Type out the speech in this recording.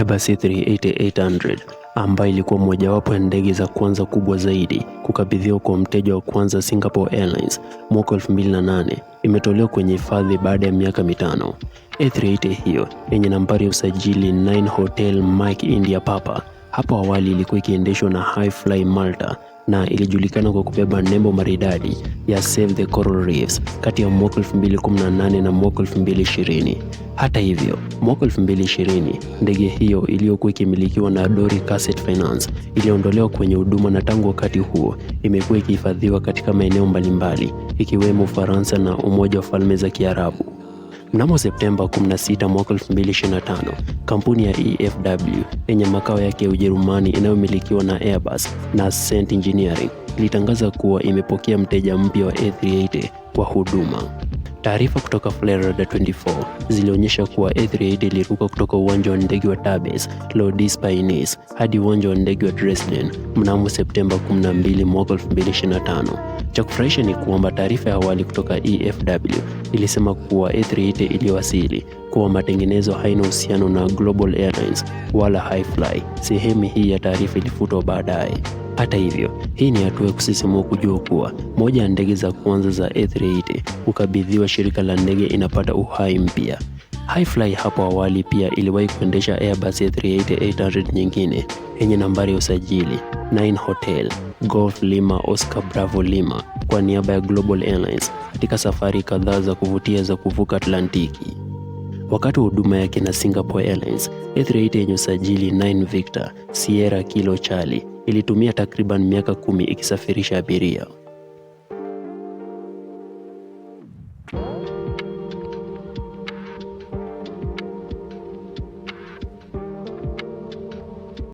Airbus A380-800 ambayo ilikuwa mojawapo ya ndege za kwanza kubwa zaidi kukabidhiwa kwa mteja wa kwanza Singapore Airlines mwaka 2008 imetolewa kwenye hifadhi baada ya miaka mitano. A380 hiyo yenye nambari ya usajili 9 Hotel Mike India Papa hapo awali ilikuwa ikiendeshwa na Fly Malta na ilijulikana kwa kubeba nembo maridadi ya Save the Coral Reefs kati ya mwaka 2018 na mwaka 2020. Hata hivyo, mwaka 2020 ndege hiyo iliyokuwa ikimilikiwa na Dori Cassett Finance iliondolewa kwenye huduma na tangu wakati huo imekuwa ikihifadhiwa katika maeneo mbalimbali ikiwemo Ufaransa na Umoja wa Falme za Kiarabu. Mnamo Septemba 16 mwaka 2025, kampuni ya EFW yenye makao yake ya Ujerumani inayomilikiwa na Airbus na Ascent Engineering ilitangaza kuwa imepokea mteja mpya wa A380 kwa huduma. Taarifa kutoka Florida24 zilionyesha kuwa A380 iliruka kutoka uwanja wa ndege wa tabes Lourdes, pines hadi uwanja wa ndege wa Dresden mnamo Septemba 12 mwaka 2025. Cha kufurahisha ni kwamba taarifa ya awali kutoka EFW ilisema kuwa A380 iliwasili kuwa matengenezo haina uhusiano na Global Airlines wala Highfly. Sehemu hii ya taarifa ilifutwa baadaye. Hata hivyo, hii ni hatua ya kusisimua kujua kuwa moja ya ndege za kwanza za A380 kukabidhiwa shirika la ndege inapata uhai mpya. HiFly hapo awali pia iliwahi kuendesha Airbus A380-800 nyingine yenye nambari ya usajili 9 Hotel Golf Lima Oscar Bravo Lima kwa niaba ya Global Airlines katika safari kadhaa za kuvutia za kuvuka Atlantiki. Wakati wa huduma yake na Singapore Airlines, A380 yenye usajili 9 Victor Sierra Kilo Charlie ilitumia takriban miaka kumi ikisafirisha abiria.